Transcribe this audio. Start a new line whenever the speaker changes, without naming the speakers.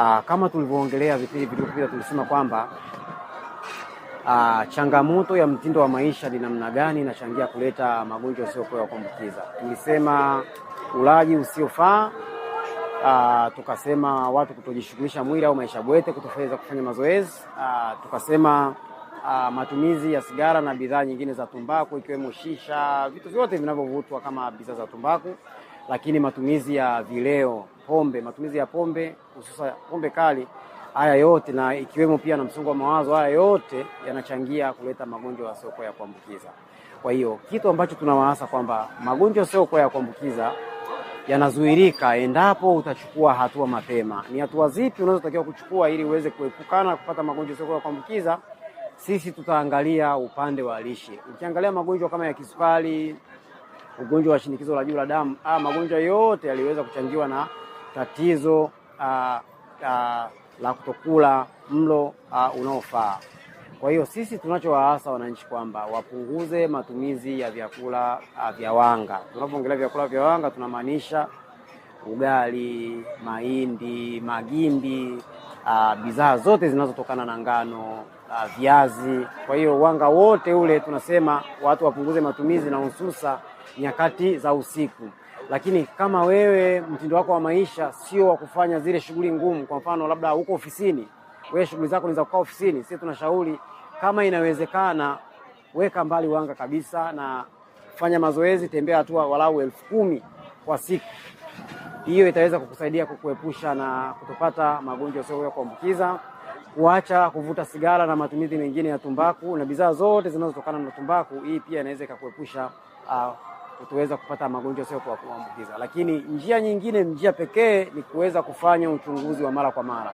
Aa, ah, kama tulivyoongelea vipindi vilivyopita tulisema kwamba aa, ah, changamoto ya mtindo wa maisha ni namna gani inachangia kuleta magonjwa yasiyokuwa ya kuambukiza. Tulisema ulaji usiofaa, ah, tukasema watu kutojishughulisha mwili au maisha bwete, kutoweza kufanya mazoezi, tukasema aa, matumizi ya sigara na bidhaa nyingine za tumbaku ikiwemo shisha, vitu vyote vinavyovutwa kama bidhaa za tumbaku lakini matumizi ya vileo, pombe, matumizi ya pombe hususa pombe kali, haya yote na ikiwemo pia na msongo wa mawazo, haya yote yanachangia kuleta magonjwa yasiyokuwa ya kuambukiza. Kwa hiyo kitu ambacho tunawaasa kwamba magonjwa yasiyokuwa ya kuambukiza yanazuirika endapo utachukua hatua mapema. Ni hatua zipi unazotakiwa kuchukua ili uweze kuepukana kupata magonjwa yasiyokuwa ya kuambukiza? Sisi tutaangalia upande wa lishe. Ukiangalia magonjwa kama ya kisukari, ugonjwa wa shinikizo la juu la damu, ah, magonjwa yote yaliweza kuchangiwa na tatizo a, ah, a, ah, la kutokula mlo ah, unaofaa. Kwa hiyo sisi tunachowaasa wananchi kwamba wapunguze matumizi ya vyakula vya wanga. Tunapoongelea vyakula vya wanga tunamaanisha ugali, mahindi, magimbi, bidhaa zote zinazotokana na ngano Ah, viazi. Kwa hiyo wanga wote ule tunasema watu wapunguze matumizi na hususa nyakati za usiku. Lakini kama wewe mtindo wako wa maisha sio wa kufanya zile shughuli ngumu, kwa mfano labda uko ofisini, wewe shughuli zako ni za kukaa ofisini, sisi tunashauri kama inawezekana, weka mbali wanga kabisa na fanya mazoezi, tembea hatua walau elfu kumi kwa siku. Hiyo itaweza kukusaidia kukuepusha na kutopata magonjwa yasiyo ya kuambukiza kuacha kuvuta sigara na matumizi mengine ya tumbaku na bidhaa zote zinazotokana na tumbaku. Hii pia inaweza ikakuepusha uh, kupata magonjwa sio kwa kuambukiza. Lakini njia nyingine, njia pekee ni kuweza kufanya uchunguzi wa mara kwa mara.